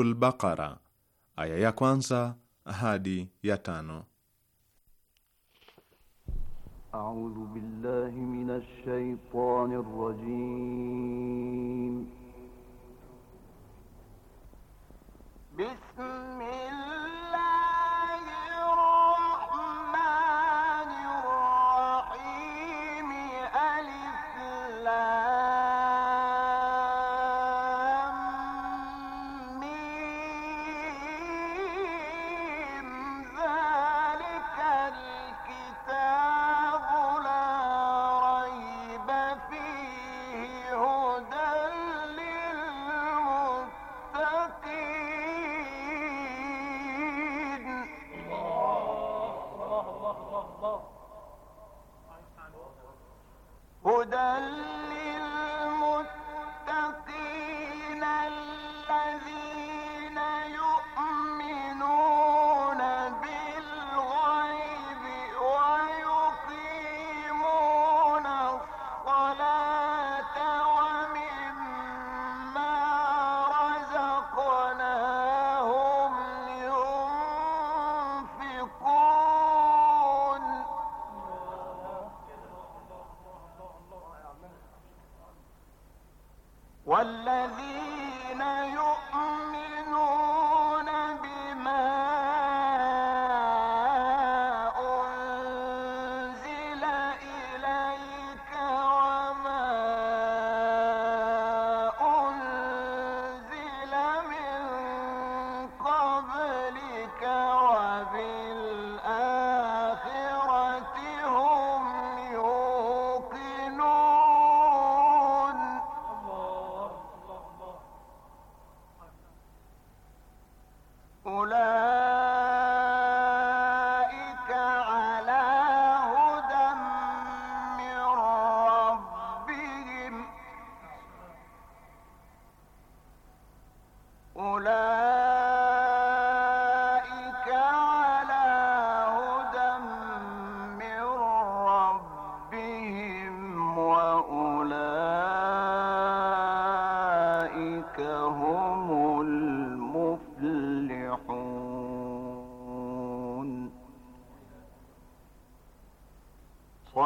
Suratul Baqara aya ya kwanza hadi ya tano. A'udhu billahi minash shaitanir rajim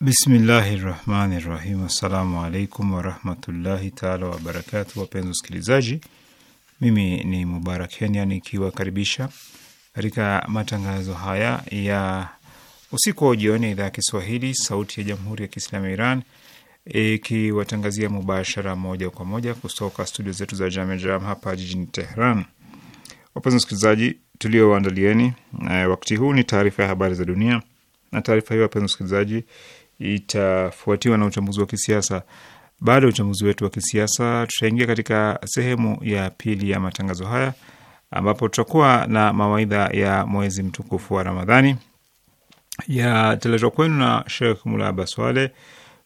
Bismillahi rahmani rahim. Assalamu alaikum warahmatullahi taala wabarakatu. Wapenzi wasikilizaji, mimi ni Mubarak Kenya nikiwakaribisha katika matangazo haya ya usiku wa jioni ya idhaa ya Kiswahili sauti ya jamhuri ya Kiislamu ya Iran ikiwatangazia mubashara moja kwa moja kutoka studio zetu za Jam hapa jijini Tehran. Wapenzi wasikilizaji, tuliowaandalieni eh, wakati huu ni taarifa ya habari za dunia, na taarifa hiyo wapenzi wasikilizaji itafuatiwa na uchambuzi wa kisiasa. Baada ya uchambuzi wetu wa kisiasa, tutaingia katika sehemu ya pili ya matangazo haya ambapo tutakuwa na mawaidha ya mwezi mtukufu wa Ramadhani yateletwa kwenu na Shekh Mulaba Swale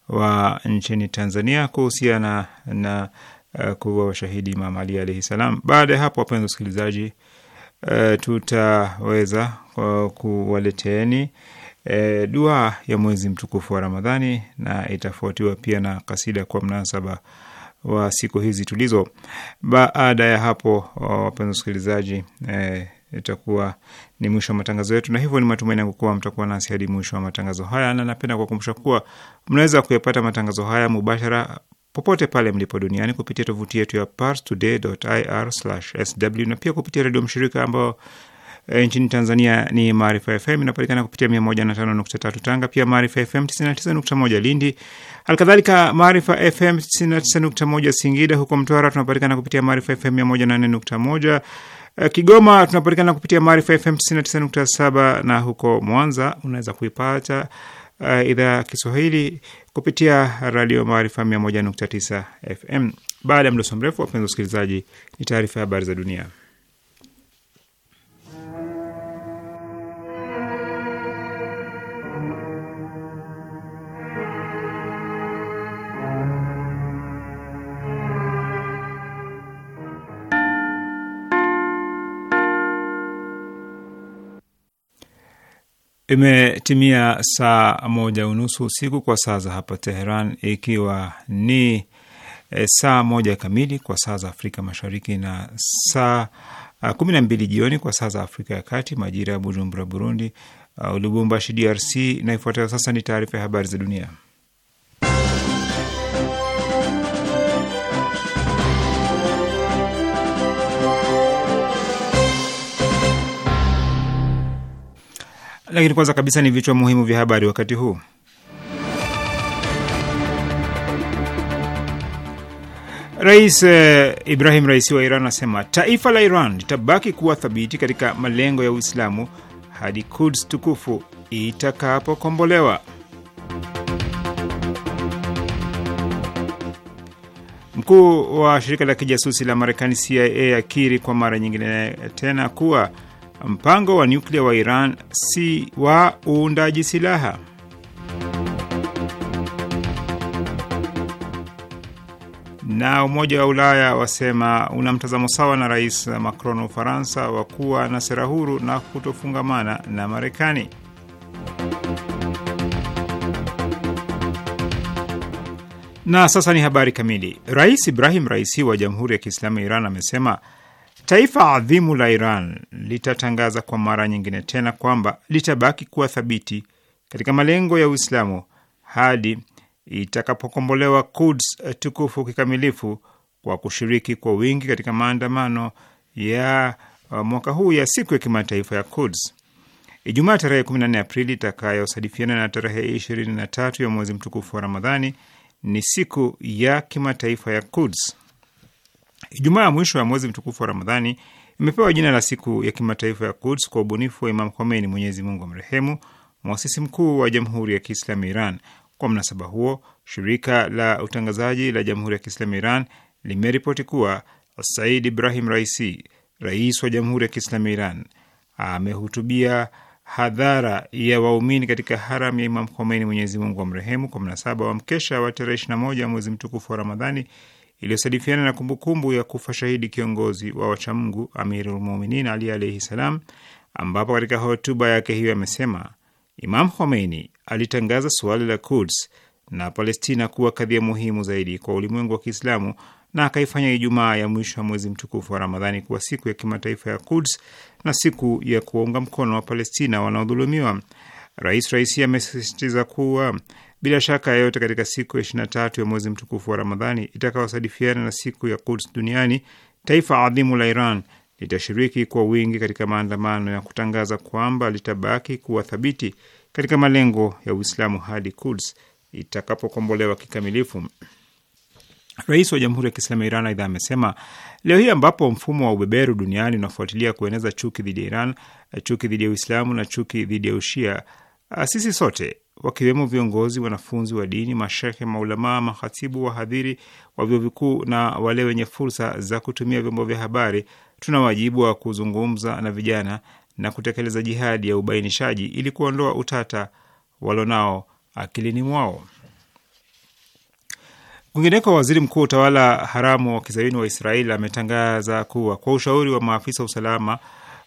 wa nchini Tanzania kuhusiana na, na uh, eh, kuwa washahidi Imam Ali alaihi salam. Baada ya hapo, wapenzi wasikilizaji, uh, tutaweza uh, uh, e, dua ya mwezi mtukufu wa Ramadhani na itafuatiwa pia na kasida kwa mnasaba wa siku hizi tulizo. Baada ya hapo, wapenzi wasikilizaji, e, itakuwa ni mwisho wa matangazo yetu, na hivyo ni matumaini yangu kuwa mtakuwa nasi hadi mwisho wa matangazo haya, na napenda kuwakumbusha kuwa mnaweza kuyapata matangazo haya mubashara popote pale mlipo duniani kupitia tovuti yetu ya parstoday.ir/sw na pia kupitia redio mshirika ambao e, nchini Tanzania ni Maarifa FM, inapatikana kupitia 105.3 Tanga, pia Maarifa FM 99.1 Lindi, halikadhalika Maarifa FM 99.1 Singida. Huko Mtwara tunapatikana kupitia Maarifa FM 104.1 e, Kigoma tunapatikana kupitia Maarifa FM 99.7 na huko Mwanza unaweza kuipata uh, idhaa ya Kiswahili kupitia Radio Maarifa 101.9 FM. Baada ya mdoso mrefu, wapenzi wasikilizaji, ni taarifa ya habari za dunia. Imetimia saa moja unusu usiku kwa saa za hapa Teheran, ikiwa ni e, saa moja kamili kwa saa za Afrika Mashariki na saa ah, kumi na mbili jioni kwa saa za Afrika ya Kati, majira ya Bujumbura, Burundi, uh, Lubumbashi, DRC. Na ifuatayo sasa ni taarifa ya habari za dunia. Lakini kwanza kabisa ni vichwa muhimu vya habari wakati huu. Rais eh, Ibrahim Raisi wa Iran anasema taifa la Iran litabaki kuwa thabiti katika malengo ya Uislamu hadi Kuds tukufu itakapokombolewa. Mkuu wa shirika la kijasusi la Marekani CIA akiri kwa mara nyingine tena kuwa mpango wa nyuklia wa Iran si wa uundaji silaha. Na Umoja wa Ulaya wasema una mtazamo sawa na Rais Macron wa Ufaransa wa kuwa na sera huru na kutofungamana na Marekani. Na sasa ni habari kamili. Rais Ibrahim Raisi wa Jamhuri ya Kiislamu ya Iran amesema Taifa adhimu la Iran litatangaza kwa mara nyingine tena kwamba litabaki kuwa thabiti katika malengo ya Uislamu hadi itakapokombolewa Quds tukufu kikamilifu kwa kushiriki kwa wingi katika maandamano ya uh, mwaka huu ya siku ya kimataifa ya Quds Ijumaa tarehe 14 Aprili itakayosadifiana na tarehe 23 ya mwezi mtukufu wa Ramadhani. Ni siku ya kimataifa ya Quds. Ijumaa ya mwisho ya mwezi mtukufu wa Ramadhani imepewa jina la siku ya kimataifa ya Quds kwa ubunifu wa Imam Khomeini, Mwenyezi Mungu amrehemu, mwasisi mkuu wa Jamhuri ya Kiislamu Iran. Kwa mnasaba huo, shirika la utangazaji la Jamhuri ya Kiislamu Iran limeripoti kuwa Said Ibrahim Raisi, rais wa Jamhuri ya Kiislamu Iran, amehutubia hadhara ya waumini katika haram ya Imam Khomeini, Mwenyezi Mungu amrehemu, kwa mnasaba wa mkesha wa tarehe 21 mwezi mtukufu wa Ramadhani iliyosadifiana na kumbukumbu ya kufa shahidi kiongozi wa wachamungu Amirulmuminin Ali alaihi salam, ambapo katika hotuba yake hiyo amesema Imam Khomeini alitangaza suala la Kuds na Palestina kuwa kadhia muhimu zaidi kwa ulimwengu wa Kiislamu na akaifanya Ijumaa ya mwisho wa mwezi mtukufu wa Ramadhani kuwa siku ya kimataifa ya Kuds na siku ya kuwaunga mkono wa Palestina wanaodhulumiwa. Rais Raisi amesisitiza kuwa bila shaka yayote katika siku ya tatu ya mwezi mtukufu wa Ramadhani itakayosadifiana na siku ya Quds duniani, taifa adhimu la Iran litashiriki kwa wingi katika maandamano ya kutangaza kwamba litabaki kuwa thabiti katika malengo ya Uislamu hadi Quds itakapokombolewa kikamilifu. Rais wa Jamhuri ya Kiislamu ya Iran aidha amesema leo hii ambapo mfumo wa ubeberu duniani unafuatilia kueneza chuki dhidi ya Iran, chuki dhidi ya Uislamu na chuki dhidi ya Ushia, sisi sote wakiwemo viongozi, wanafunzi wa dini, mashehe, maulamaa, mahatibu, wahadhiri wa vyuo vikuu na wale wenye fursa za kutumia vyombo vya habari, tuna wajibu wa kuzungumza na vijana na kutekeleza jihadi ya ubainishaji ili kuondoa utata walonao akilini mwao. Kwingineko, waziri mkuu wa utawala haramu wa kizayuni wa Israeli ametangaza kuwa kwa ushauri wa maafisa wa usalama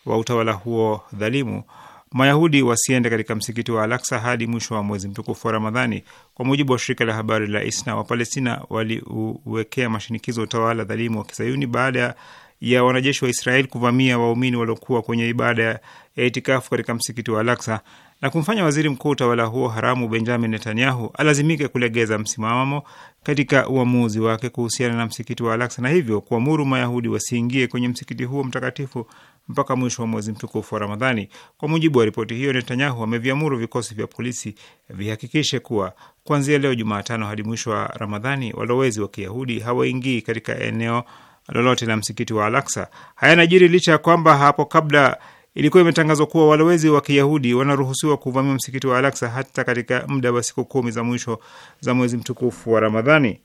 wa utawala huo dhalimu Mayahudi wasiende katika msikiti wa alaksa hadi mwisho wa mwezi mtukufu wa Ramadhani. Kwa mujibu wa shirika la habari la ISNA, Wapalestina waliuwekea mashinikizo utawala dhalimu wa Kisayuni baada ya wanajeshi wa Israeli kuvamia waumini waliokuwa kwenye ibada ya itikafu katika msikiti wa alaksa na kumfanya waziri mkuu utawala huo haramu Benjamin Netanyahu alazimike kulegeza msimamo katika uamuzi wake kuhusiana na msikiti wa Al-Aqsa na hivyo kuamuru Mayahudi wasiingie kwenye msikiti huo mtakatifu mpaka mwisho wa mwezi mtukufu wa Ramadhani. Kwa mujibu wa ripoti hiyo, Netanyahu ameviamuru vikosi vya polisi vihakikishe kuwa kuanzia leo Jumatano hadi mwisho wa Ramadhani walowezi wa Kiyahudi hawaingii katika eneo lolote la msikiti wa Al-Aqsa. Haya licha ya kwamba hapo kabla ilikuwa imetangazwa kuwa walowezi wa Kiyahudi wanaruhusiwa kuvamia msikiti wa Alaksa hata katika muda wa siku kumi za mwisho za mwezi mtukufu wa Ramadhani.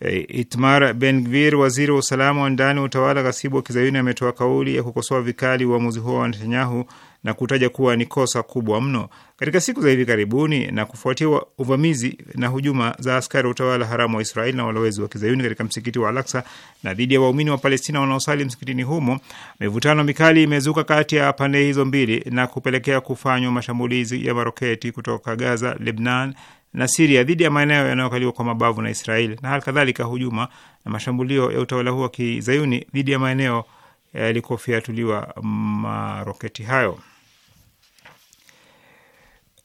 E, Itmar Ben Gvir, waziri wa usalama wa ndani wa utawala ghasibu wa kizayuni, ametoa kauli ya kukosoa vikali uamuzi huo wa Netanyahu na kutaja kuwa ni kosa kubwa mno. Katika siku za hivi karibuni na kufuatia uvamizi na hujuma za askari wa utawala haramu wa Israeli na walowezi wa kizayuni katika msikiti wa Al-Aqsa na dhidi ya waumini wa Palestina wanaosali msikitini humo, mivutano mikali imezuka kati ya pande hizo mbili na kupelekea kufanywa mashambulizi ya maroketi kutoka Gaza, Lebnan na Siria dhidi ya maeneo yanayokaliwa kwa mabavu na Israel na hali kadhalika hujuma na mashambulio ya utawala huo wa kizayuni dhidi ya maeneo yalikofiatuliwa maroketi hayo.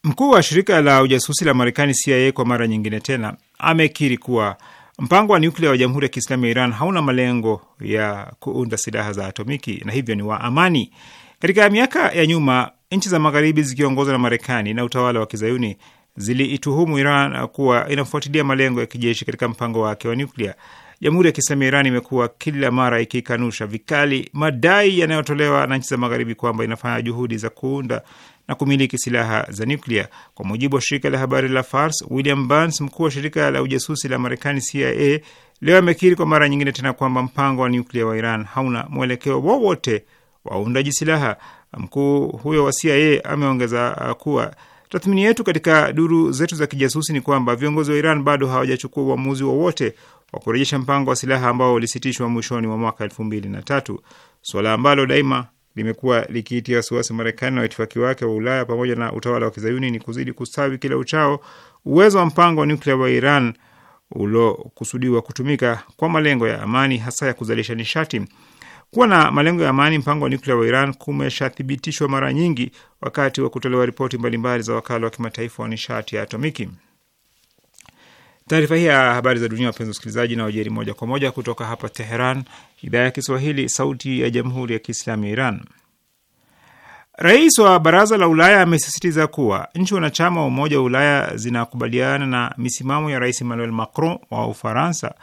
Mkuu wa shirika la ujasusi la Marekani CIA kwa mara nyingine tena amekiri kuwa mpango wa nyuklia wa Jamhuri ya Kiislamu ya Iran hauna malengo ya kuunda silaha za atomiki na hivyo ni wa amani. Katika miaka ya nyuma, nchi za Magharibi zikiongozwa na Marekani na utawala wa kizayuni ziliituhumu Iran kuwa inafuatilia malengo ya kijeshi katika mpango wake wa nyuklia. Jamhuri ya Kiislamu ya Iran imekuwa kila mara ikikanusha vikali madai yanayotolewa na nchi za Magharibi kwamba inafanya juhudi za kuunda na kumiliki silaha za nyuklia. Kwa mujibu wa shirika la habari la Fars, William Burns, mkuu wa shirika la ujasusi la Marekani CIA, leo amekiri kwa mara nyingine tena kwamba mpango wa nyuklia wa Iran hauna mwelekeo wowote wa uundaji silaha. Mkuu huyo wa CIA ameongeza kuwa Tathmini yetu katika duru zetu za kijasusi ni kwamba viongozi wa Iran bado hawajachukua uamuzi wowote wa kurejesha mpango wa silaha ambao ulisitishwa mwishoni mwa mwaka elfu mbili na tatu, suala ambalo daima limekuwa likiitia wasiwasi Marekani na waitifaki wake wa Ulaya pamoja na utawala wa kizayuni ni kuzidi kustawi kila uchao uwezo wa mpango wa nuklia wa Iran uliokusudiwa kutumika kwa malengo ya amani, hasa ya kuzalisha nishati kuwa na malengo ya amani mpango wa nyuklia wa Iran kumeshathibitishwa mara nyingi wakati wa kutolewa ripoti mbalimbali za wakala wa kimataifa wa nishati ya atomiki. Taarifa hii ya habari za dunia, wapenzi wasikilizaji, na wajeri moja kwa moja kutoka hapa Teheran, idhaa ya Kiswahili, sauti ya jamhuri ya kiislamu ya Iran. Rais wa baraza la Ulaya amesisitiza kuwa nchi wanachama wa Umoja wa Ulaya zinakubaliana na misimamo ya Rais Emmanuel Macron wa Ufaransa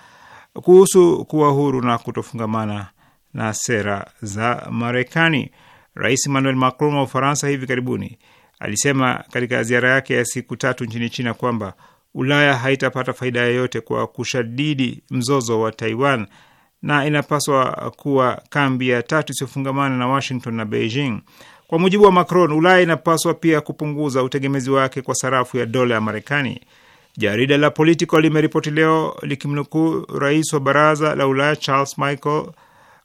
kuhusu kuwa huru na kutofungamana na sera za Marekani. Rais Emmanuel Macron wa Ufaransa hivi karibuni alisema katika ziara yake ya siku tatu nchini China kwamba Ulaya haitapata faida yoyote kwa kushadidi mzozo wa Taiwan na inapaswa kuwa kambi ya tatu isiyofungamana na Washington na Beijing. Kwa mujibu wa Macron, Ulaya inapaswa pia kupunguza utegemezi wake kwa sarafu ya dola ya Marekani. Jarida la Politico limeripoti leo likimnukuu rais wa baraza la Ulaya Charles Michel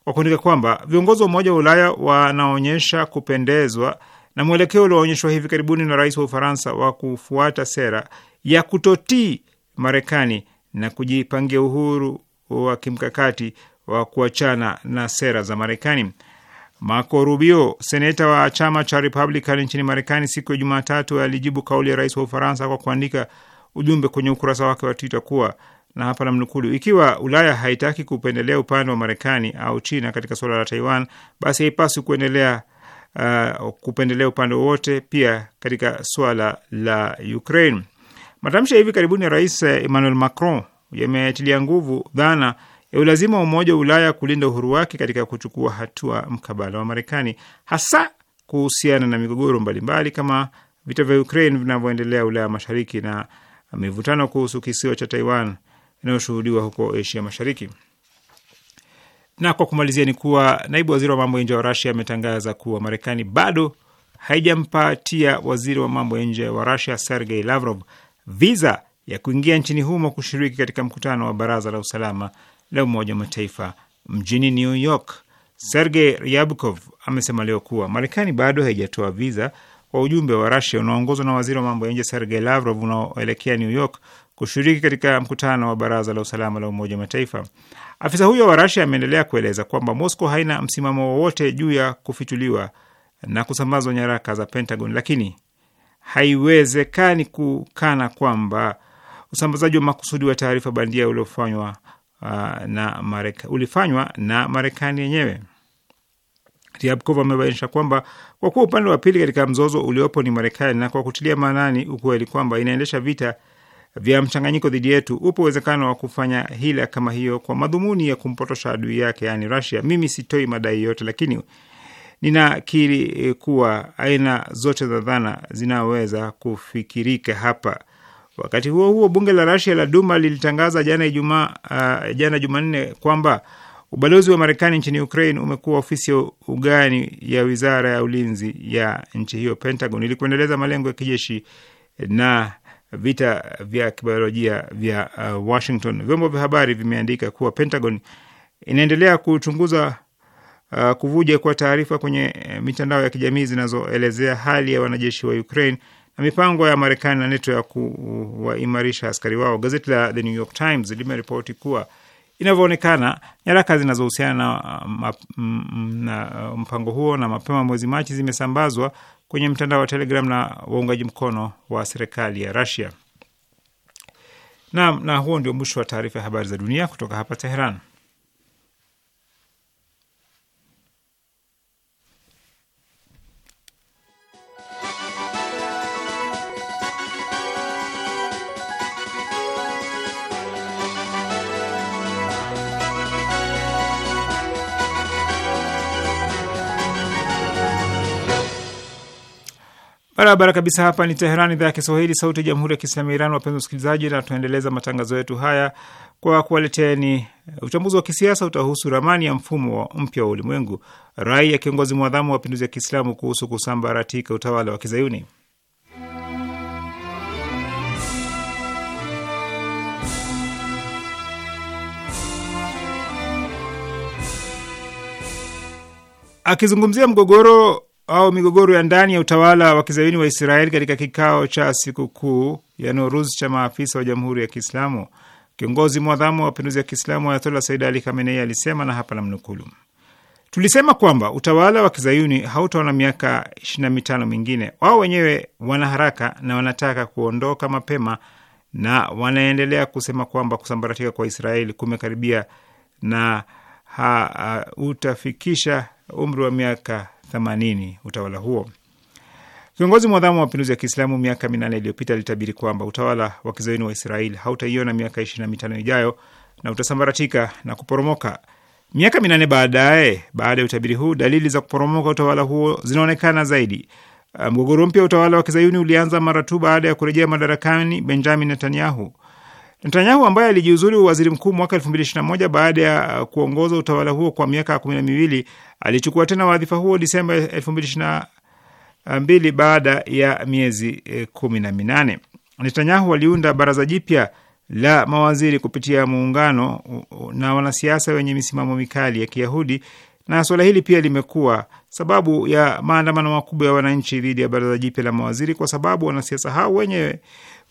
kwa kuandika kwamba viongozi wa Umoja wa Ulaya wanaonyesha kupendezwa na mwelekeo ulioonyeshwa hivi karibuni na rais wa Ufaransa wa kufuata sera ya kutotii Marekani na kujipangia uhuru wa kimkakati wa kuachana na sera za Marekani. Marco Rubio, seneta wa chama cha Republican nchini Marekani, siku ya Jumatatu alijibu kauli ya rais wa Ufaransa kwa kuandika ujumbe kwenye ukurasa wake wa Twitter kuwa na hapa namnukuu, ikiwa Ulaya haitaki kupendelea upande wa Marekani au China katika suala la Taiwan, basi haipaswi kuendelea uh, kupendelea upande wowote, pia katika suala la Ukraine. Matamshi ya hivi karibuni ya Rais Emmanuel Macron yametilia nguvu dhana ya ulazima wa Umoja wa Ulaya kulinda uhuru wake katika kuchukua hatua mkabala wa Marekani, hasa kuhusiana na migogoro mbalimbali kama vita vya Ukraine vinavyoendelea Ulaya Mashariki na mivutano kuhusu kisiwa cha Taiwan inayoshuhudiwa huko Asia Mashariki. Na kwa kumalizia ni kuwa naibu waziri wa mambo ya nje wa Rasia ametangaza kuwa Marekani bado haijampatia waziri wa mambo ya nje wa Rasia Sergei Lavrov viza ya kuingia nchini humo kushiriki katika mkutano wa Baraza la Usalama la Umoja wa Mataifa mjini New York. Sergei Ryabkov amesema leo kuwa Marekani bado haijatoa viza kwa ujumbe wa Rasia unaoongozwa na waziri wa mambo ya nje Sergei Lavrov unaoelekea New York kushiriki katika mkutano wa baraza la usalama la Umoja wa Mataifa. Afisa huyo wa Rasia ameendelea kueleza kwamba Moscow haina msimamo wowote juu ya kufichuliwa na kusambazwa nyaraka za Pentagon, lakini haiwezekani kukana kwamba usambazaji wa makusudi wa taarifa bandia uliofanywa uh, na ulifanywa na Marekani yenyewe. Ryabkov amebainisha kwamba kwa kuwa upande wa pili katika mzozo uliopo ni Marekani, na kwa kutilia maanani ukweli kwamba inaendesha vita vya mchanganyiko dhidi yetu, upo uwezekano wa kufanya hila kama hiyo kwa madhumuni ya kumpotosha adui yake, yaani Russia. Mimi sitoi madai yote, lakini ninakiri e, kuwa aina zote za dhana zinaweza kufikirika hapa. Wakati huo huo, bunge la Russia la Duma lilitangaza jana Ijumaa, uh, jana Jumanne kwamba ubalozi wa Marekani nchini Ukraine umekuwa ofisi ya ugani ya wizara ya ulinzi ya nchi hiyo, Pentagon, ili kuendeleza malengo ya kijeshi na vita vya kibiolojia vya uh, Washington. Vyombo vya habari vimeandika kuwa Pentagon inaendelea kuchunguza uh, kuvuja kwa taarifa kwenye eh, mitandao ya kijamii zinazoelezea hali ya wanajeshi wa Ukraine na mipango ya Marekani na NATO ya kuwaimarisha askari wao. Gazeti la The New York Times limeripoti kuwa inavyoonekana nyaraka zinazohusiana na, uh, mm, mm, na uh, mpango huo na mapema mwezi Machi zimesambazwa kwenye mtandao wa Telegram na waungaji mkono wa serikali ya Russia. Naam, na huo ndio mwisho wa taarifa ya habari za dunia kutoka hapa Teheran. Barabara kabisa, hapa ni Teherani, idhaa ya Kiswahili, sauti ya jamhuri ya kiislamu ya Iran. Wapenzi wasikilizaji, na tunaendeleza matangazo yetu haya kwa kuwaleteni uchambuzi wa kisiasa. Utahusu ramani ya mfumo mpya wa ulimwengu, rai ya kiongozi mwadhamu wa mapinduzi ya Kiislamu kuhusu kusambaratika utawala wa Kizayuni. Akizungumzia mgogoro au migogoro ya ndani ya utawala wa kizayuni wa Israeli katika kikao cha sikukuu ya Noruz cha maafisa wa Jamhuri ya Kiislamu. Kiongozi mwadhamu wa mapinduzi ya Kiislamu Ayatola Said Ali Khamenei alisema, na hapa namnukulu: tulisema kwamba utawala wa kizayuni hautaona miaka ishirini na mitano mingine. Wao wenyewe wana haraka na wanataka kuondoka mapema, na wanaendelea kusema kwamba kusambaratika kwa Israeli kumekaribia na uh, utafikisha umri wa miaka 80 utawala huo. Kiongozi mwadhamu wa mapinduzi ya Kiislamu miaka minane iliyopita alitabiri kwamba utawala wa kizayuni wa Israeli hautaiona miaka ishirini na mitano ijayo na utasambaratika na kuporomoka. Miaka minane baadaye, baada ya utabiri huu, dalili za kuporomoka utawala huo zinaonekana zaidi. Mgogoro mpya wa utawala wa kizayuni ulianza mara tu baada ya kurejea madarakani Benjamin Netanyahu. Netanyahu ambaye alijiuzulu waziri mkuu mwaka moja baada ya uh, kuongoza utawala huo kwa miaka kumi na miwili alichukua tena wadhifa huo Disemba mbili baada ya miezi eh, kumi na minane. Netanyahu aliunda baraza jipya la mawaziri kupitia muungano na wanasiasa wenye misimamo mikali ya Kiyahudi, na suala hili pia limekuwa sababu ya maandamano makubwa ya wananchi dhidi ya baraza jipya la mawaziri, kwa sababu wanasiasa hao wenyewe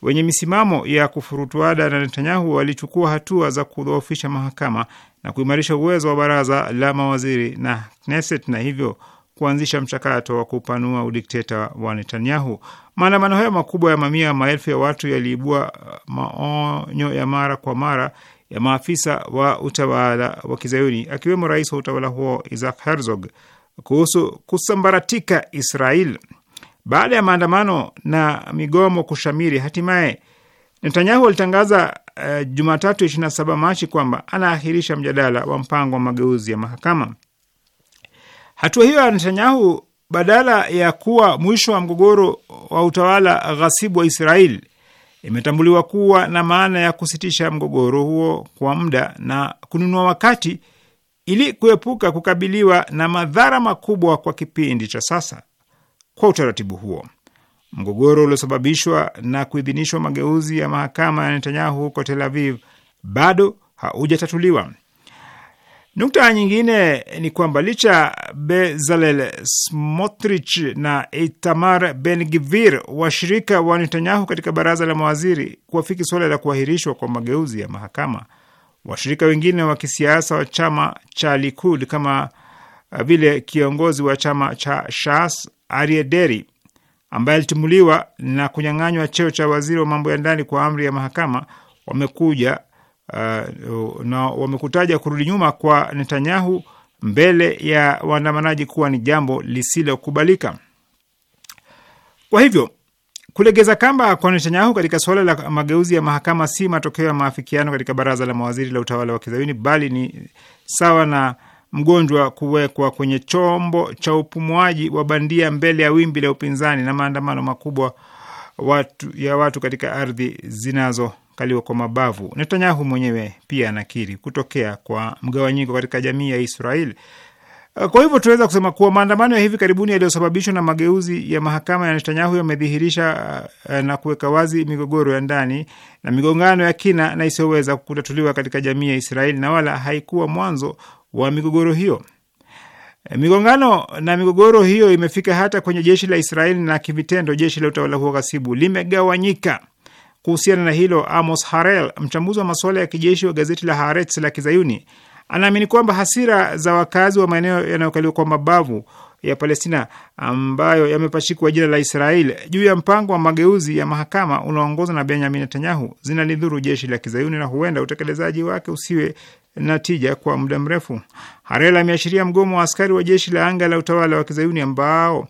wenye misimamo ya kufurutuada na Netanyahu walichukua hatua za kudhoofisha mahakama na kuimarisha uwezo wa baraza la mawaziri na Knesset na hivyo kuanzisha mchakato wa kupanua udikteta wa Netanyahu. Maandamano hayo makubwa ya mamia ya maelfu ya watu yaliibua uh, maonyo ya mara kwa mara ya maafisa wa utawala wa kizayuni akiwemo rais wa utawala huo Isaac Herzog kuhusu kusambaratika Israel baada ya maandamano na migomo kushamiri, hatimaye Netanyahu alitangaza uh, Jumatatu 27 Machi kwamba anaahirisha mjadala wa mpango wa mageuzi ya mahakama. Hatua hiyo ya Netanyahu, badala ya kuwa mwisho wa mgogoro wa utawala ghasibu wa Israeli, imetambuliwa kuwa na maana ya kusitisha mgogoro huo kwa muda na kununua wakati ili kuepuka kukabiliwa na madhara makubwa kwa kipindi cha sasa kwa utaratibu huo. Mgogoro uliosababishwa na kuidhinishwa mageuzi ya mahakama ya Netanyahu huko Tel Aviv bado haujatatuliwa. Nukta nyingine ni kwamba licha Bezalel Smotrich na Itamar Ben Gvir, washirika wa Netanyahu katika baraza la mawaziri, kuwafiki suala la kuahirishwa kwa mageuzi ya mahakama, washirika wengine wa kisiasa wa chama cha Likud kama uh, vile kiongozi wa chama cha Shas Ariederi ambaye alitumuliwa na kunyang'anywa cheo cha waziri wa mambo ya ndani kwa amri ya mahakama, wamekuja uh, na wamekutaja kurudi nyuma kwa Netanyahu mbele ya waandamanaji kuwa ni jambo lisilokubalika. Kwa hivyo kulegeza kamba kwa Netanyahu katika suala la mageuzi ya mahakama si matokeo ya maafikiano katika baraza la mawaziri la utawala wa kizayuni, bali ni sawa na mgonjwa kuwekwa kwenye chombo cha upumuaji wa bandia mbele ya wimbi la upinzani na maandamano makubwa watu, ya watu katika ardhi zinazokaliwa kwa mabavu. Netanyahu mwenyewe pia anakiri kutokea kwa mgawanyiko katika jamii ya Israeli Eh, kwa hivyo tunaweza kusema kuwa maandamano ya hivi karibuni yaliyosababishwa na mageuzi ya mahakama ya Netanyahu yamedhihirisha eh, na kuweka wazi migogoro ya ndani na migongano ya kina na isiyoweza kutatuliwa katika jamii ya Israeli, na wala haikuwa mwanzo wa migogoro hiyo. Eh, migongano na migogoro hiyo imefika hata kwenye jeshi la Israeli, na kivitendo jeshi la utawala huo ghasibu limegawanyika kuhusiana na hilo. Amos Harel, mchambuzi wa masuala ya kijeshi wa gazeti la Haaretz la Kizayuni, Anaamini kwamba hasira za wakazi wa maeneo yanayokaliwa kwa mabavu ya Palestina ambayo yamepachikwa jina la Israel juu ya mpango wa mageuzi ya mahakama unaoongozwa na Benyamin Netanyahu zinalidhuru jeshi la kizayuni na huenda utekelezaji wake usiwe na tija kwa muda mrefu. Harel ameashiria mgomo wa askari wa jeshi la anga la utawala wa kizayuni ambao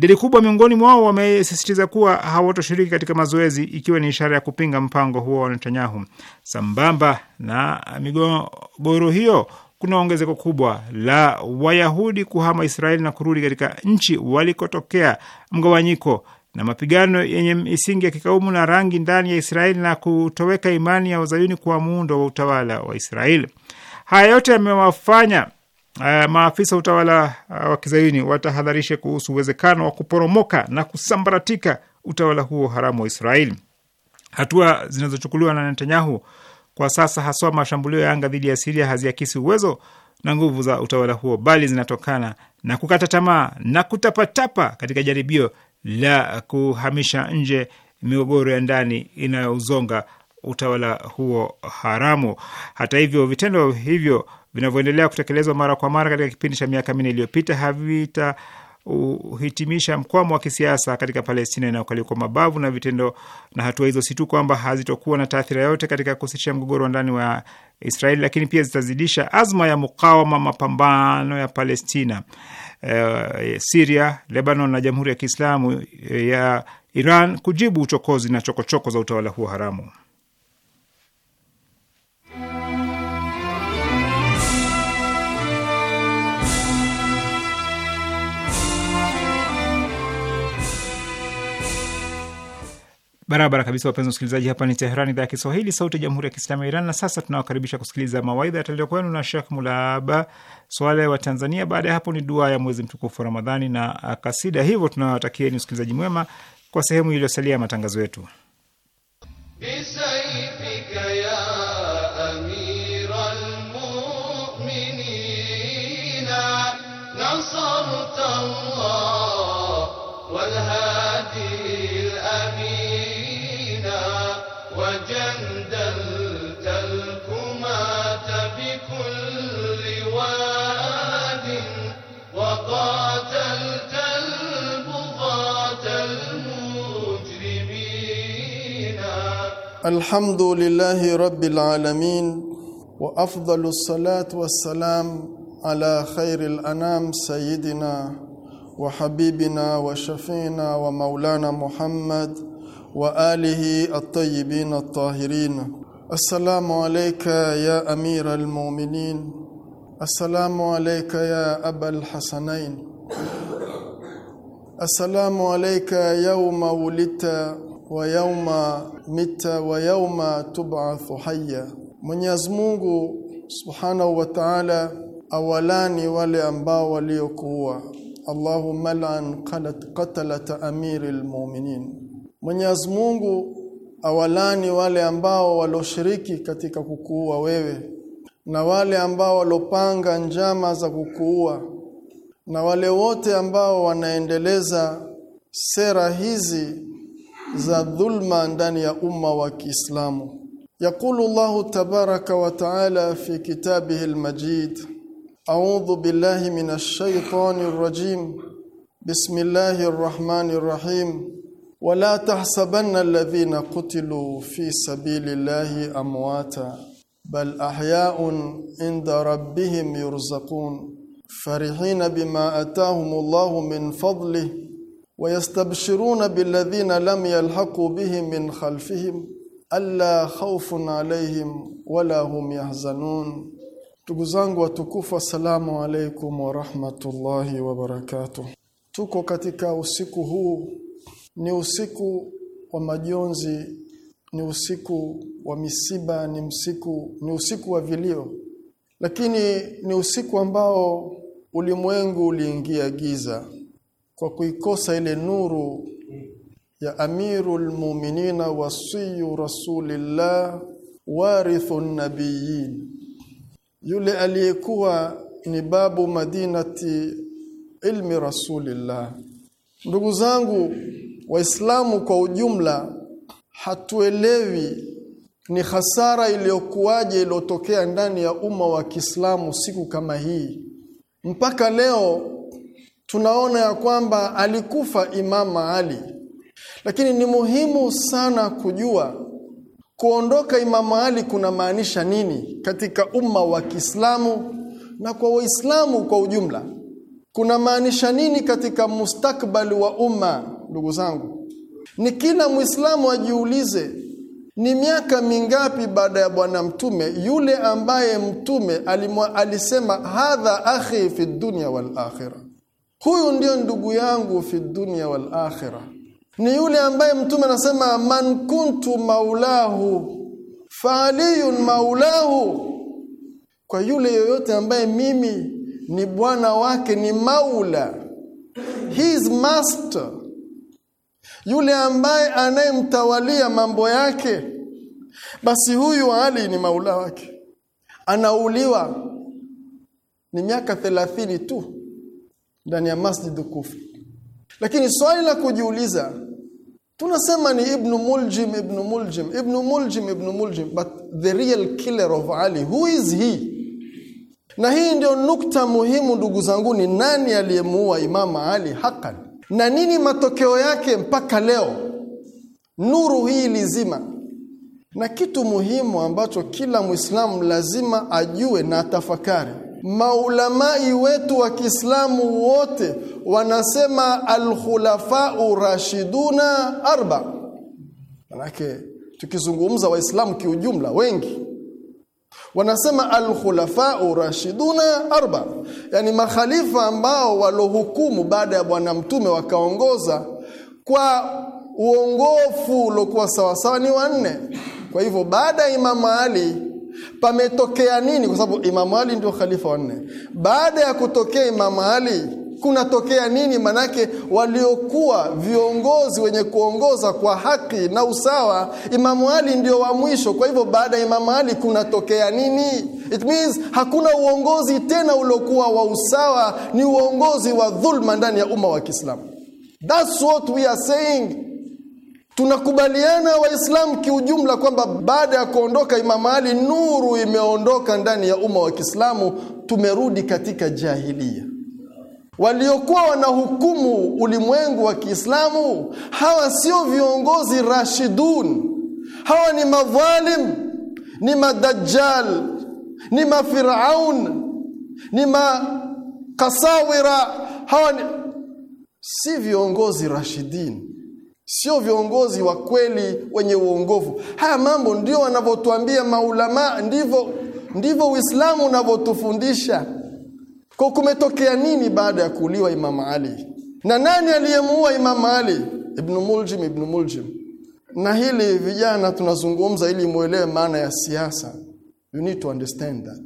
Idadi kubwa miongoni mwao wamesisitiza kuwa hawatoshiriki katika mazoezi, ikiwa ni ishara ya kupinga mpango huo wa Netanyahu. Sambamba na migogoro hiyo, kuna ongezeko kubwa la Wayahudi kuhama Israeli na kurudi katika nchi walikotokea. Mgawanyiko na mapigano yenye misingi ya kikaumu na rangi ndani ya Israeli na kutoweka imani ya wazayuni kwa muundo wa utawala wa Israeli. Haya yote yamewafanya Uh, maafisa wa utawala uh, wa kizayuni watahadharisha kuhusu uwezekano wa kuporomoka na kusambaratika utawala huo haramu wa Israeli. Hatua zinazochukuliwa na Netanyahu kwa sasa, haswa mashambulio ya anga dhidi ya Siria, haziakisi uwezo na nguvu za utawala huo, bali zinatokana na kukata tamaa na kutapatapa katika jaribio la kuhamisha nje migogoro ya ndani inayouzonga utawala huo haramu. Hata hivyo, vitendo hivyo vinavyoendelea kutekelezwa mara kwa mara katika kipindi cha miaka minne iliyopita havitahitimisha mkwamo wa kisiasa katika Palestina inayokaliwa kwa mabavu, na vitendo na hatua hizo si tu kwamba hazitokuwa na taathira yote katika kusitisha mgogoro wa ndani wa Israeli, lakini pia zitazidisha azma ya mukawama, mapambano ya Palestina, uh, eh, Siria, Lebanon na Jamhuri ya Kiislamu eh, ya Iran kujibu uchokozi na chokochoko choko za utawala huo haramu. Barabara kabisa, wapenzi wasikilizaji, hapa ni Teherani, idhaa ya Kiswahili, sauti ya jamhuri ya kiislamu ya Iran. Na sasa tunawakaribisha kusikiliza mawaidha yataletwa kwenu na Shekh Mulaba Swale wa Tanzania. Baada ya hapo ni dua ya mwezi mtukufu wa Ramadhani na kasida. Hivyo tunawatakieni usikilizaji mwema kwa sehemu iliyosalia ya matangazo yetu. الحمد لله رب العالمين وافضل الصلاه والسلام على خير الانام سيدنا وحبيبنا وشفينا ومولانا محمد واله الطيبين الطاهرين السلام عليك يا امير المؤمنين السلام عليك يا ابا الحسنين السلام عليك يوم ولدت yauma mita yauma tub'athu hayya Mwenyezi Mungu Subhanahu wa Ta'ala awalani wale ambao waliokuwa Allahumma lan qalat qatalata amiril mu'minin Mwenyezi Mungu awalani wale ambao walioshiriki katika kukuua wewe na wale ambao walopanga njama za kukuua na wale wote ambao wanaendeleza sera hizi za dhulma ndani ya umma wa Kiislamu يقول الله تبارك وتعالى في كتابه المجيد أعوذ بالله من الشيطان الرجيم بسم الله الرحمن الرحيم ولا تحسبن الذين قتلوا في سبيل الله أمواتا بل أحياء عند ربهم يرزقون فرحين بما أتاهم الله من فضله ويستبشرون بالذين لم يلحقوا بهم من خلفهم alla khawfun alaihim wala hum yahzanun ndugu zangu watukufu asalamu alaikum wa rahmatullahi wa barakatuh tuko katika usiku huu ni usiku wa majonzi ni usiku wa misiba ni msiku ni usiku wa vilio lakini ni usiku ambao ulimwengu uliingia giza kwa kuikosa ile nuru ya amirul mu'minina wasiyu rasulillah warithu nabiyyin yule aliyekuwa ni babu madinati ilmi rasulillah ndugu zangu waislamu kwa ujumla hatuelewi ni hasara iliyokuwaje iliyotokea ndani ya umma wa Kiislamu siku kama hii mpaka leo tunaona ya kwamba alikufa Imama Ali, lakini ni muhimu sana kujua kuondoka Imamu Ali kunamaanisha nini katika umma wa Kiislamu na kwa Waislamu kwa ujumla, kunamaanisha nini katika mustakbali wa umma. Ndugu zangu, ni kila Mwislamu ajiulize ni miaka mingapi baada ya Bwana Mtume yule ambaye Mtume alimwa, alisema hadha akhi fi dunya wal akhirah Huyu ndio ndugu yangu fi dunya wal akhirah. Ni yule ambaye mtume anasema man kuntu maulahu fa aliyun maulahu, kwa yule yoyote ambaye mimi ni bwana wake, ni maula, his master, yule ambaye anayemtawalia mambo yake, basi huyu Ali ni maula wake. Anauliwa ni miaka thelathini tu ndani ya Masjid Kufi lakini swali la kujiuliza tunasema ni Ibn Muljim Ibn Muljim Ibn Muljim Ibn Muljim but the real killer of Ali who is he na hii ndio nukta muhimu ndugu zangu ni nani aliyemuua Imama Ali hakan na nini matokeo yake mpaka leo nuru hii lizima na kitu muhimu ambacho kila Muislamu lazima ajue na atafakari Maulamai wetu wa Kiislamu wote wanasema alkhulafau rashiduna arba. Manake tukizungumza Waislamu kiujumla wengi wanasema alkhulafau rashiduna arba, yani makhalifa ambao walohukumu baada ya Bwana Mtume wakaongoza kwa uongofu uliokuwa sawasawa ni wanne. Kwa hivyo baada ya Imamu Ali pametokea nini kwa sababu Imam Ali ndio khalifa wa nne baada ya kutokea Imam Ali kunatokea nini manake waliokuwa viongozi wenye kuongoza kwa haki na usawa Imamu Ali ndio wa mwisho kwa hivyo baada ya Imamu Ali kunatokea nini it means hakuna uongozi tena uliokuwa wa usawa ni uongozi wa dhulma ndani ya umma wa Kiislamu that's what we are saying Tunakubaliana Waislamu kiujumla kwamba baada ya kuondoka Imam Ali, nuru imeondoka ndani ya umma wa Kiislamu, tumerudi katika jahilia. Waliokuwa wanahukumu ulimwengu wa Kiislamu hawa sio viongozi rashidun, hawa ni madhalim, ni madajjal, ni mafiraun, ni makasawira. Hawa ni... si viongozi rashidin sio viongozi wa kweli wenye uongovu Haya mambo ndio wanavyotuambia maulama, ndivyo ndivyo Uislamu unavyotufundisha. Kwa kumetokea nini baada ya kuuliwa Imam Ali? Na nani aliyemuua Imam Ali? Ibn Muljim, Ibn Muljim. Na hili vijana tunazungumza ili muelewe maana ya siasa. You need to understand that.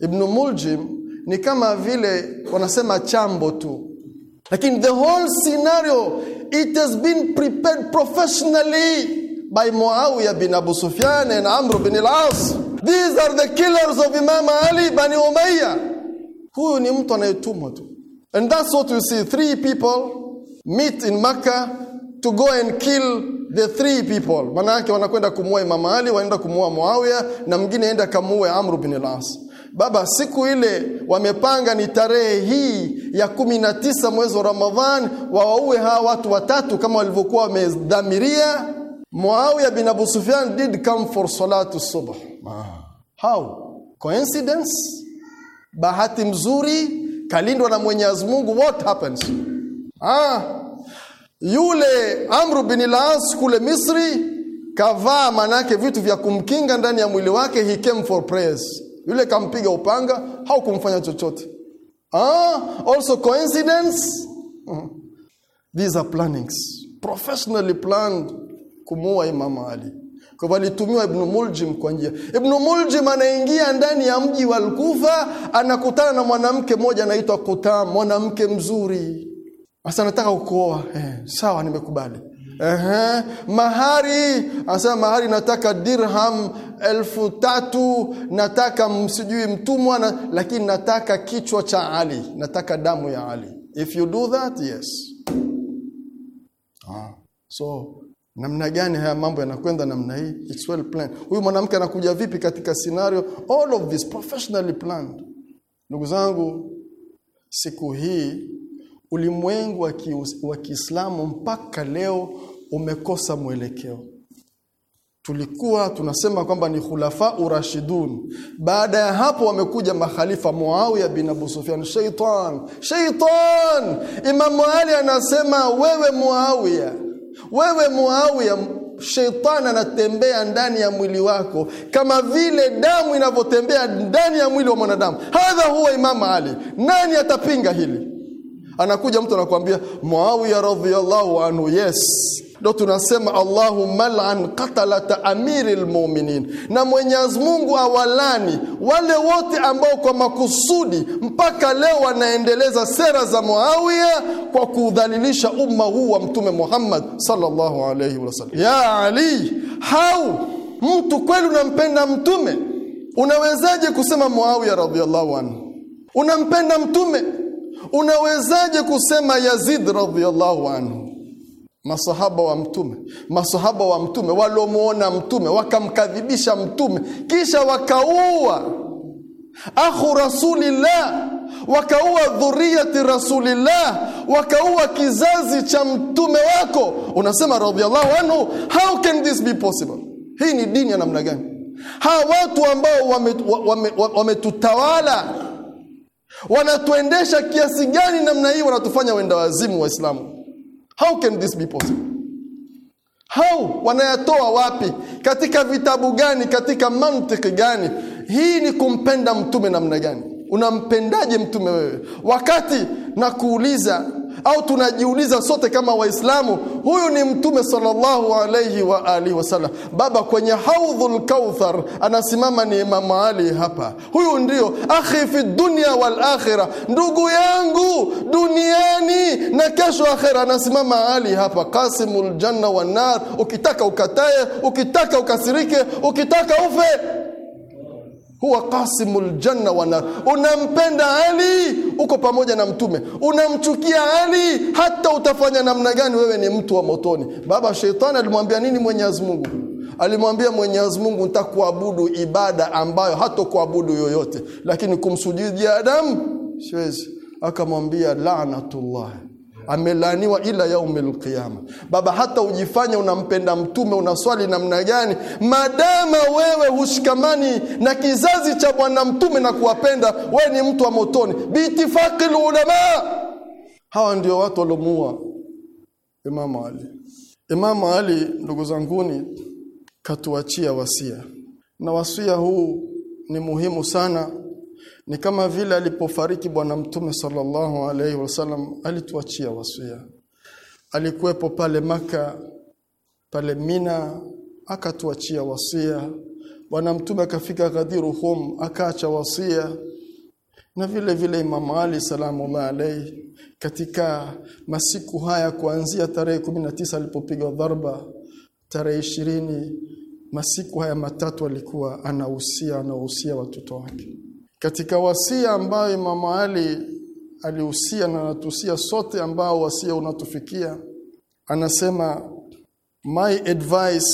Ibn Muljim ni kama vile wanasema chambo tu lakini the whole scenario it has been prepared professionally by muawiya bin abu sufyan and amr bin al-as these are the killers of imam ali bani umayya huyu ni mtu anayetumwa tu and that's what you see three people meet in makkah to go and kill the three people manake wanakwenda kumuua imam ali wanaenda kumuua muawiya na mwingine aenda kamuue amr bin al-as Baba, siku ile wamepanga ni tarehe hii ya kumi na tisa mwezi wa Ramadhan, wawaue hawa watu watatu kama walivyokuwa wamedhamiria. Muawiya bin Abu Sufyan did come for salatu subh. How? Coincidence? Bahati mzuri kalindwa na Mwenyezi Mungu. What happens? Ah, yule Amru bin Laas kule Misri kavaa manake vitu vya kumkinga ndani ya mwili wake, he came for prayers yule kampiga upanga, kumfanya chochote. Ah, also coincidence? Mm-hmm. These are plannings. Professionally planned kumuua Imam Ali. Kwa hivyo alitumiwa Ibn Muljim kwa njia. Ibn Muljim anaingia ndani ya mji wa Al-Kufa, anakutana na mwanamke mmoja anaitwa Kutam, mwanamke mzuri. Sasa nataka kukuoa. Eh, sawa nimekubali. Ehe, mahari anasema mahari nataka dirham elfu tatu nataka msijui mtumwa na, lakini nataka kichwa cha Ali nataka damu ya Ali if you do that yes ah. so namna gani haya mambo yanakwenda namna hii it's well planned huyu mwanamke anakuja vipi katika scenario all of this professionally planned ndugu zangu siku hii ulimwengu wa Kiislamu mpaka leo umekosa mwelekeo tulikuwa tunasema kwamba ni khulafa urashidun baada ya hapo wamekuja makhalifa Muawiya bin Abu Sufyan shaitan shaitan Imam Ali anasema wewe Muawiya wewe Muawiya shaitan anatembea ndani ya mwili wako kama vile damu inavyotembea ndani ya mwili wa mwanadamu hadha huwa Imam Ali nani atapinga hili anakuja mtu anakuambia Muawiya radhiyallahu anhu yes ndo tunasema allahumma lan qatalata amiri lmuminin na mwenyezi mungu awalani wale wote ambao kwa makusudi mpaka leo wanaendeleza sera za muawiya kwa kuudhalilisha umma huu wa mtume muhammad salllahu alaihi wasallam ya ali hau mtu kweli unampenda mtume unawezaje kusema muawiya radiallahu anhu unampenda mtume unawezaje kusema yazid radiallahu anhu masahaba wa mtume masahaba wa mtume waliomwona mtume wakamkadhibisha mtume kisha wakaua akhu rasulillah wakaua dhuriyati rasulillah wakaua kizazi cha mtume wako unasema radhiallahu anhu how can this be possible hii ni dini ya namna gani hawa watu ambao wametutawala wame, wame, wame wanatuendesha kiasi gani namna hii wanatufanya wendawazimu waislamu How can this be possible? How wanayatoa wapi? Katika vitabu gani? Katika mantiki gani? Hii ni kumpenda mtume namna gani? Unampendaje mtume wewe? Wakati na kuuliza au tunajiuliza sote kama Waislamu, huyu ni Mtume sallallahu alayhi wa alihi wasallam. Baba, kwenye haudhul kauthar anasimama ni Imam Ali hapa. Huyu ndio akhi fi dunya wal akhirah, ndugu yangu duniani na kesho akhira. Anasimama Ali hapa, qasimul janna wan nar. Ukitaka ukataye ukitaka ukasirike, ukitaka ufe huwa qasimu ljanna wanar. Unampenda Ali, uko pamoja na Mtume. Unamchukia Ali, hata utafanya namna gani, wewe ni mtu wa motoni. Baba Sheitani alimwambia nini Mwenyezi Mungu? Alimwambia Mwenyezi Mungu, ibada ambayo hatokuabudu yoyote, lakini kumsujudia Adamu siwezi. Akamwambia laanatullahi amelaaniwa ila yaumi lqiama. Baba, hata ujifanye unampenda mtume unaswali namna gani, madama wewe hushikamani na kizazi cha bwana mtume na kuwapenda, wewe ni mtu wa motoni biitifaqi lulama. Hawa ndio watu waliomuua Imamu Ali. Imamu Ali, ndugu zanguni, katuachia wasia, na wasia huu ni muhimu sana ni kama vile alipofariki bwana mtume sallallahu alaihi wasallam alituachia wasia alikuwepo pale maka pale mina akatuachia wasia bwana mtume akafika ghadiruhum akaacha wasia na vile vile Imam Ali salamullah alayhi katika masiku haya kuanzia tarehe 19 alipopigwa dharba tarehe ishirini masiku haya matatu alikuwa anahusia anahusia watoto wake katika wasia ambayo Imam Ali alihusia na natusia sote ambao wasia unatufikia anasema my advice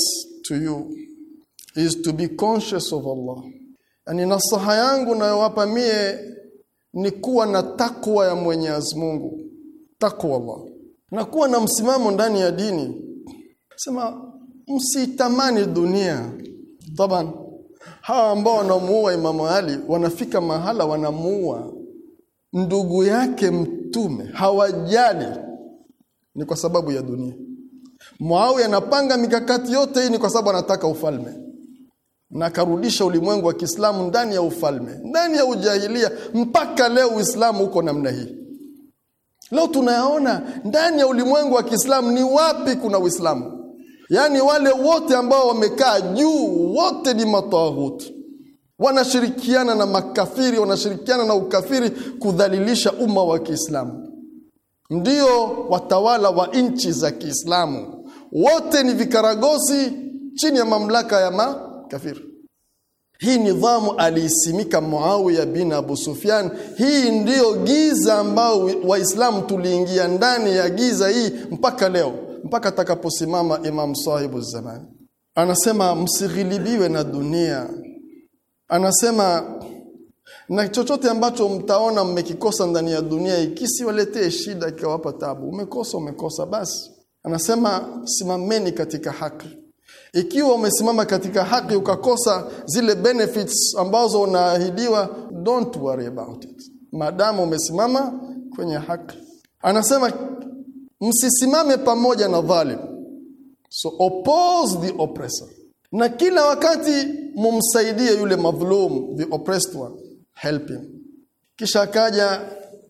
to you is to be conscious of Allah yani nasaha yangu nayowapa mie ni kuwa na takwa ya Mwenyezi Mungu takwa Allah na kuwa na msimamo ndani ya dini sema msitamani dunia taban hawa ambao wanamuua Imamu Ali wanafika mahala wanamuua ndugu yake mtume, hawajali ni kwa sababu ya dunia. Muawiya anapanga mikakati yote hii ni kwa sababu anataka ufalme na karudisha ulimwengu wa Kiislamu ndani ya ufalme, ndani ya ujahilia. Mpaka leo Uislamu uko namna hii. Leo tunayaona ndani ya ulimwengu wa Kiislamu, ni wapi kuna Uislamu? yaani wale wote ambao wamekaa juu wote ni matahut wanashirikiana na makafiri wanashirikiana na ukafiri kudhalilisha umma wa Kiislamu ndio watawala wa nchi za Kiislamu wote ni vikaragosi chini ya mamlaka ya makafiri hii nidhamu aliisimika Muawiya bin Abu sufian Hii ndiyo giza ambayo Waislamu tuliingia ndani ya giza hii mpaka leo mpaka atakaposimama Imam Sahibu Zaman. Anasema msighilibiwe na dunia. Anasema na chochote ambacho mtaona mmekikosa ndani ya dunia ikisiwaletee shida ikawapa tabu. Umekosa umekosa basi. Anasema simameni katika haki. Ikiwa umesimama katika haki ukakosa zile benefits ambazo unaahidiwa, don't worry about it. Maadamu umesimama kwenye haki. Anasema msisimame pamoja na dhalim so oppose the oppressor na kila wakati mumsaidie yule madhulum the oppressed one help him kisha akaja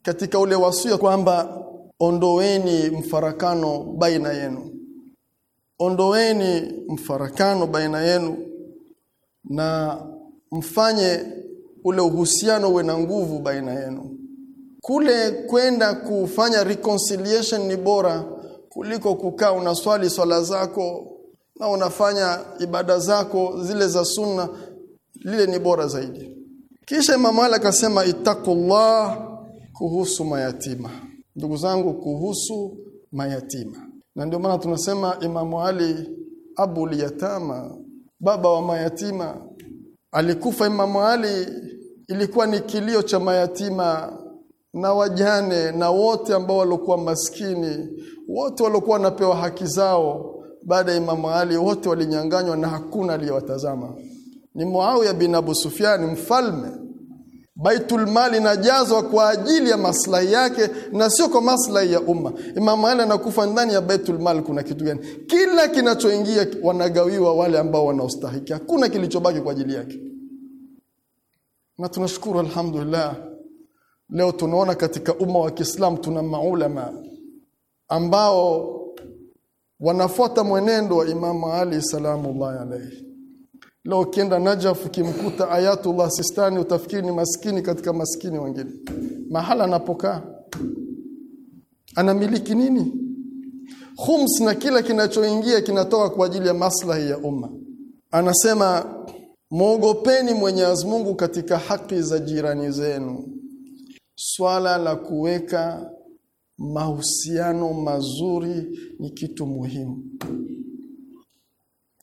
katika ule wasia kwamba ondoeni mfarakano baina yenu ondoeni mfarakano baina yenu na mfanye ule uhusiano uwe na nguvu baina yenu kule kwenda kufanya reconciliation ni bora kuliko kukaa unaswali swala zako na unafanya ibada zako zile za sunna, lile ni bora zaidi. Kisha Imam Ali akasema itaqullah kuhusu mayatima. Ndugu zangu, kuhusu mayatima, na ndio maana tunasema Imam Ali abu yatama, baba wa mayatima. Alikufa Imam Ali, ilikuwa ni kilio cha mayatima na wajane na wote ambao walikuwa maskini, wote waliokuwa wanapewa haki zao. Baada ya Imamu Ali wote walinyanganywa na hakuna aliyewatazama. Ni Muawiya bin Abu Sufyan mfalme. Baitul mali inajazwa kwa ajili ya maslahi yake na sio kwa maslahi ya umma. Imamu Ali anakufa ndani ya Baitul mali kuna kitu gani? Kila kinachoingia wanagawiwa wale ambao wanaostahiki. Hakuna kilichobaki kwa ajili yake. Na tunashukuru alhamdulillah Leo tunaona katika umma wa Kiislamu tuna maulama ambao wanafuata mwenendo wa Imamu Ali salamullahi alayhi. Leo ukienda Najaf ukimkuta Ayatullah Sistani utafikiri ni maskini katika maskini wengine. Mahala anapokaa anamiliki nini? Khums na kila kinachoingia kinatoka kwa ajili ya maslahi ya umma. Anasema muogopeni Mwenyezi Mungu katika haki za jirani zenu swala la kuweka mahusiano mazuri ni kitu muhimu.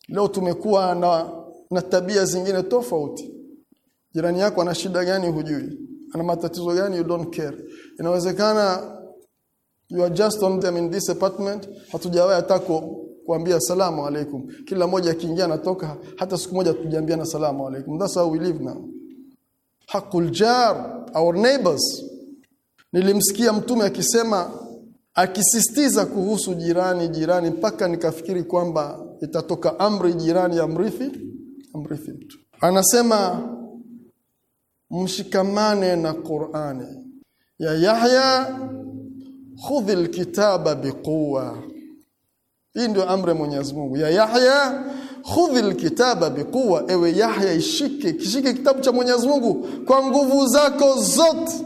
Leo tumekuwa na, na tabia zingine tofauti. Jirani yako ana shida gani hujui? Ana matatizo gani you don't care. Inawezekana you are just on them in this apartment hatujawahi hata kuambia salamu alaikum. Kila mmoja akiingia anatoka hata siku moja na salamu alaikum. That's how we live now hakul jar our neighbors nilimsikia mtume akisema akisistiza kuhusu jirani jirani mpaka nikafikiri kwamba itatoka amri jirani ya mrithi amrithi mtu anasema mshikamane na Qur'ani ya Yahya khudhi kitaba biquwa hii ndio amri ya Mwenyezi Mungu ya Yahya khudhil lkitaba biquwa ewe Yahya, ishike kishike kitabu cha Mwenyezi Mungu kwa nguvu zako zote.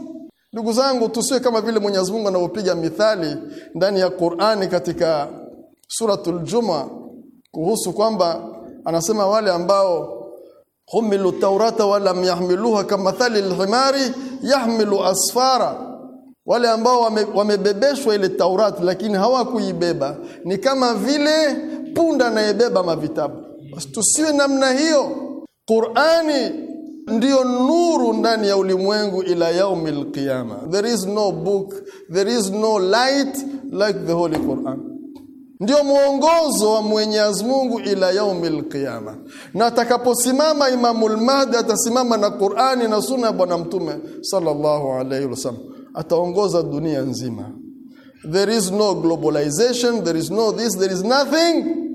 Ndugu zangu, tusiwe kama vile Mwenyezi Mungu anavyopiga mithali ndani ya Qur'ani katika suratul Juma kuhusu kwamba anasema wale ambao humilu taurata walam yahmiluha kamathali alhimari yahmilu asfara wale ambao wamebebeshwa wame ile Taurat lakini hawakuibeba ni kama vile punda anayebeba mavitabu. Basi tusiwe namna hiyo. Qur'ani ndiyo nuru ndani ya ulimwengu ila yaumil qiyama. There is no book, there is no light like the Holy Quran. Ndio mwongozo wa Mwenyezi Mungu ila yaumil qiyama. Na atakaposimama Imamul Mahdi atasimama na Qur'ani na sunna ya Bwana Mtume sallallahu alaihi wasallam, ataongoza dunia nzima there is no globalization there is no this there is nothing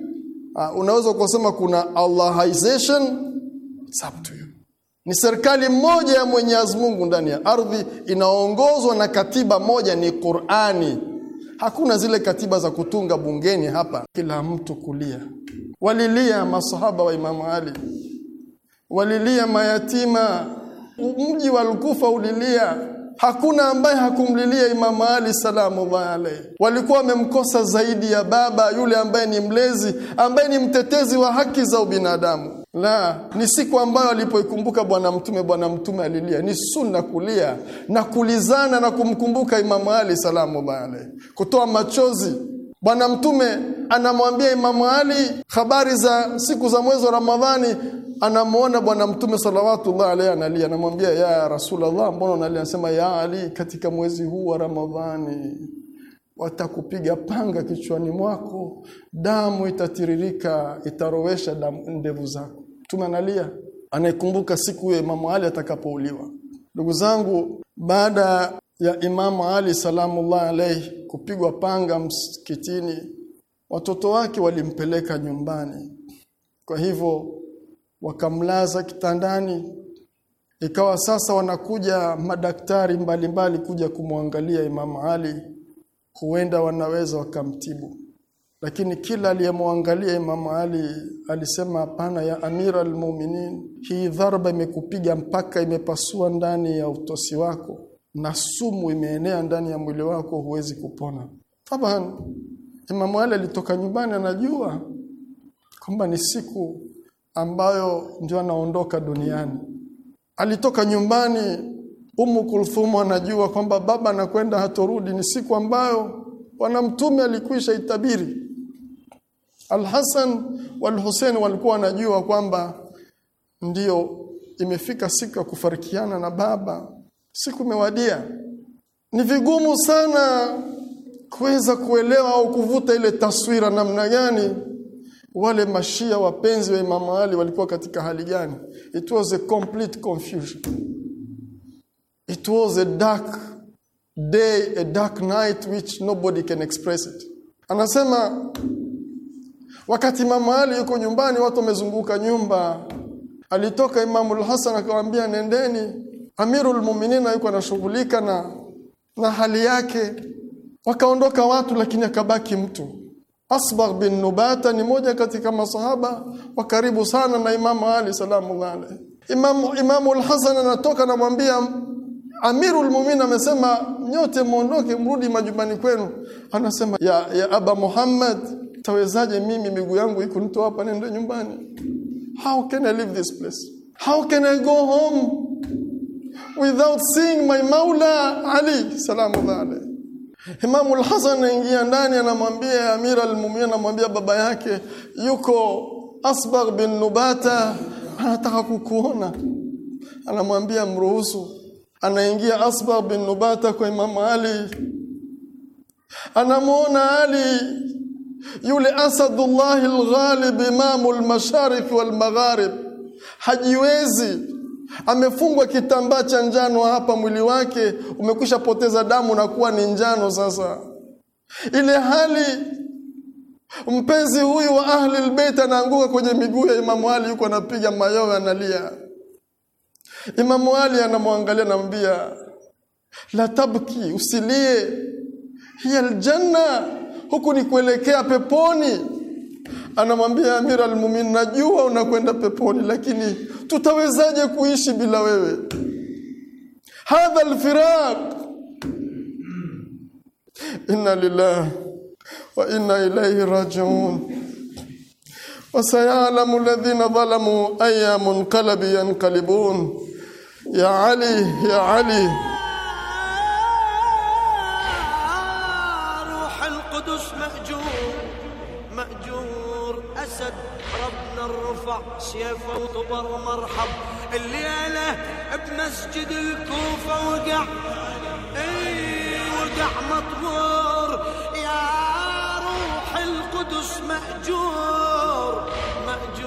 uh, unaweza kusema kuna allahization it's up to you ni serikali moja ya Mwenyezi Mungu ndani ya ardhi inaongozwa na katiba moja ni Qur'ani hakuna zile katiba za kutunga bungeni hapa kila mtu kulia walilia masahaba wa Imam Ali walilia mayatima mji wa kufa ulilia hakuna ambaye hakumlilia Imamu Ali salamullahi alayhi. Walikuwa wamemkosa zaidi ya baba yule ambaye ni mlezi, ambaye ni mtetezi wa haki za ubinadamu. La, ni siku ambayo alipoikumbuka Bwana Mtume, Bwana Mtume alilia. Ni sunna kulia na kulizana na kumkumbuka Imamu Ali salamullahi alayhi, kutoa machozi Bwana Mtume anamwambia Imamu Ali habari za siku za mwezi wa Ramadhani, anamuona Bwana Mtume salawatullahi alayhi analia, anamwambia ya Rasulullah, mbona unalia? Anasema ya Ali, katika mwezi huu wa Ramadhani watakupiga panga kichwani mwako, damu itatiririka, itarowesha damu ndevu zako. Mtume analia, anaikumbuka siku ya Imamu Ali atakapouliwa. Ndugu zangu, baada ya Imamu Ali salamullah alayhi kupigwa panga msikitini watoto wake walimpeleka nyumbani kwa hivyo wakamlaza kitandani ikawa sasa wanakuja madaktari mbalimbali mbali kuja kumwangalia Imamu Ali huenda wanaweza wakamtibu lakini kila aliyemwangalia Imamu Ali alisema hapana ya Amira muminin hii dharba imekupiga mpaka imepasua ndani ya utosi wako na sumu imeenea ndani ya mwili wako huwezi kupona. Taban Imam Ali alitoka nyumbani anajua kwamba ni siku ambayo ndio anaondoka duniani. Alitoka nyumbani Umu Kulthum anajua kwamba baba anakwenda hatorudi ni siku ambayo bwana mtume alikwisha itabiri. Al-Hasan wal walikuwa wanajua kwamba ndio imefika siku ya kufarikiana na baba siku imewadia ni vigumu sana kuweza kuelewa au kuvuta ile taswira namna gani wale mashia wapenzi wa Imam Ali walikuwa katika hali gani it was a complete confusion it was a dark day a dark night which nobody can express it anasema wakati Imam Ali yuko nyumbani watu wamezunguka nyumba alitoka Imam al-Hasan akamwambia nendeni Amirul Mu'minin yuko anashughulika na na hali yake wakaondoka watu lakini akabaki mtu Asbagh bin Nubata ni moja katika masahaba wa karibu sana na imamu Ali salamu alayhi Imamu Imam al-Hasan anatoka anamwambia Amirul Mu'minin amesema nyote muondoke mrudi majumbani kwenu anasema ya, ya Aba Muhammad tawezaje mimi miguu yangu ikunitoa hapa nende nyumbani how can i leave this place how can i go home without seeing my Maula Ali salamullah alayhi. Imam al-Hasan anaingia ndani anamwambia Amir al-Mu'minin anamwambia baba yake yuko Asbar bin Nubata anataka kukuona. Anamwambia mruhusu. Anaingia Asbar bin Nubata kwa Imam Ali. anamwona Ali yule Asadullah al-Ghalib imamu al-Masharif wal-Magharib hajiwezi amefungwa kitambaa cha njano hapa, mwili wake umekwisha poteza damu na kuwa ni njano sasa. Ile hali mpenzi huyu wa ahli albayt anaanguka kwenye miguu ya Imamu Ali, yuko anapiga mayowe, analia. Imamu Ali anamwangalia, anamwambia la tabki, usilie, hiya aljanna, huku ni kuelekea peponi anamwambia Amira Almumin, najua unakwenda peponi, lakini tutawezaje kuishi bila wewe? hadha al-firaq inna lillahi wa inna ilayhi rajiun. وسيعلم الذين ظلموا أي منقلب ya ali ya ali علي الاسد ربنا الرفع سيفه وطبر مرحب الليله بمسجد الكوفه وقع اي وقع مطبور يا روح القدس ماجور ماجور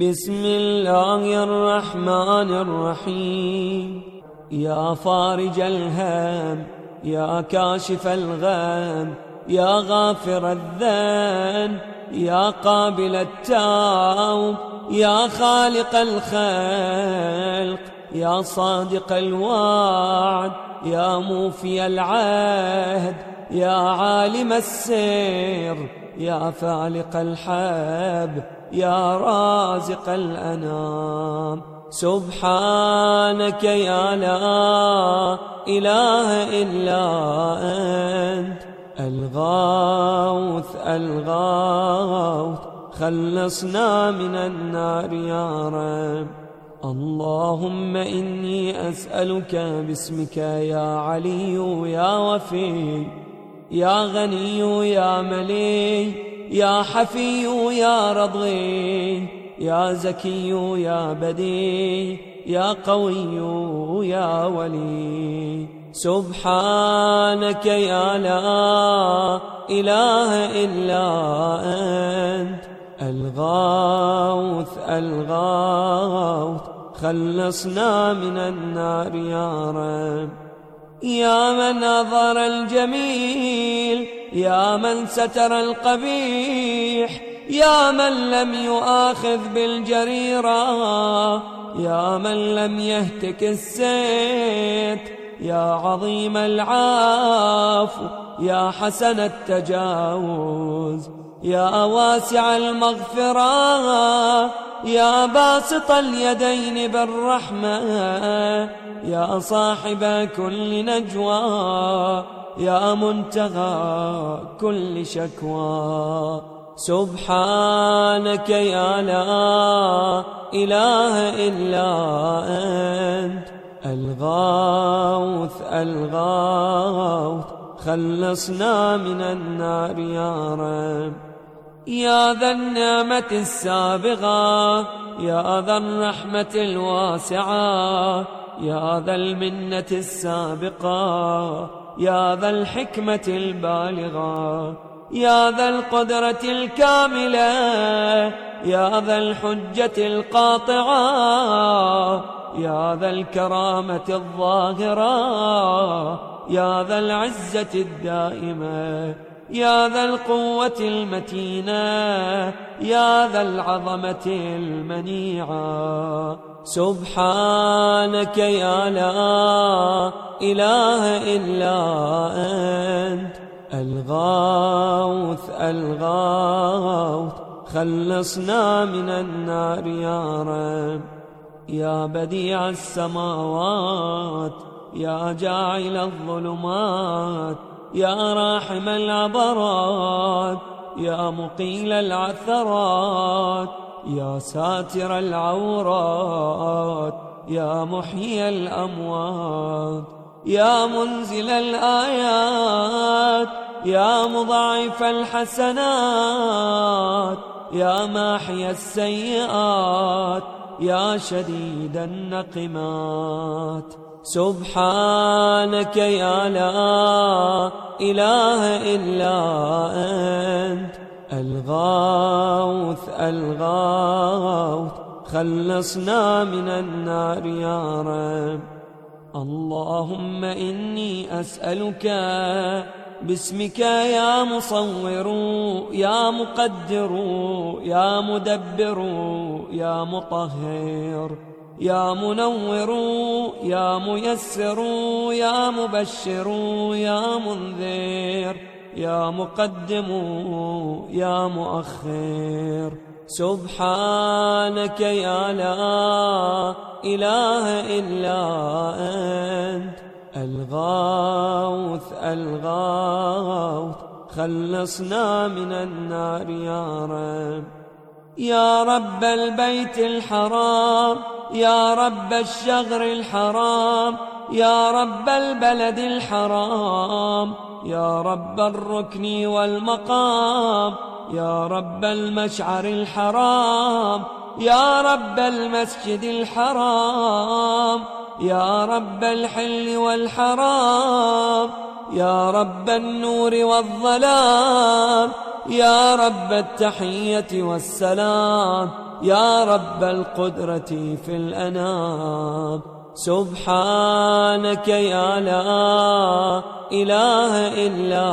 بسم الله الرحمن الرحيم يا فارج الهم يا كاشف الغم يا غافر الذنب يا قابل التوب يا خالق الخلق يا صادق الوعد يا موفي العهد يا عالم السر يا فالق الحب يا رازق الأنام سبحانك يا لا إله إلا أنت الغوث الغوث خلصنا من النار يا رب اللهم إني أسألك باسمك يا علي يا وفي يا غني يا ملي يا حفي يا رضي يا زكي يا بدي يا قوي يا ولي سبحانك يا لا إله إلا أنت الغاوث الغاوث خلصنا من النار يا رب يا من أظهر الجميل يا من ستر القبيح يا من لم يؤاخذ بالجريرة يا من لم يهتك السيت يا عظيم العفو يا حسن التجاوز يا واسع المغفرة يا باسط اليدين بالرحمة يا صاحب كل نجوى يا منتهى كل شكوى سبحانك يا لا إله إلا أنت الغاوث الغاوث خلصنا من النار يا رب يا ذا النعمة السابغة يا ذا الرحمة الواسعة يا ذا المنة السابقة يا ذا الحكمة البالغة يا ذا القدرة الكاملة يا ذا الحجة القاطعة يا ذا الكرامة الظاهرة يا ذا العزة الدائمة يا ذا القوة المتينة يا ذا العظمة المنيعة سبحانك يا لا إله إلا أنت الغاوث الغاوث خلصنا من النار يا رب يا بديع السماوات يا جاعل الظلمات يا راحم العبرات يا مقيل العثرات يا ساتر العورات يا محيي الأموات يا منزل الآيات يا مضاعف الحسنات يا ماحي السيئات يا شديد النقمات سبحانك يا لا إله إلا أنت الغاوث الغاوث خلصنا من النار يا رب اللهم إني أسألك باسمك يا مصور يا مقدر يا مدبر يا مطهر يا منور يا ميسر يا مبشر يا منذر يا مقدم يا مؤخر سبحانك يا لا إله إلا أنت الغوث الغوث خلصنا من النار يا رب يا رب البيت الحرام يا رب الشغر الحرام يا رب البلد الحرام يا رب الركن والمقام يا رب المشعر الحرام يا رب المسجد الحرام يا رب الحل والحرام يا رب النور والظلام يا رب التحية والسلام يا رب القدرة في الأنام سبحانك يا لا إله إلا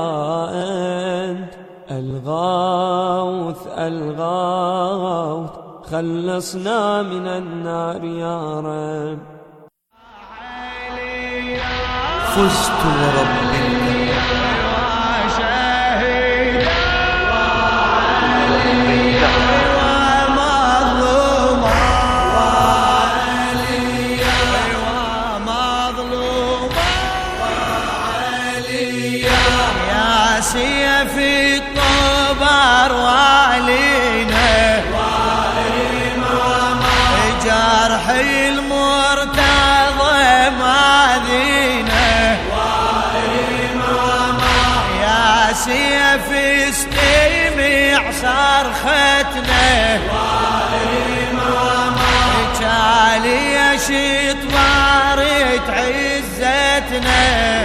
أنت الغاوث الغاوث خلصنا من النار يا رب فزت وربي صرختنا جالي شطوارت عزتنا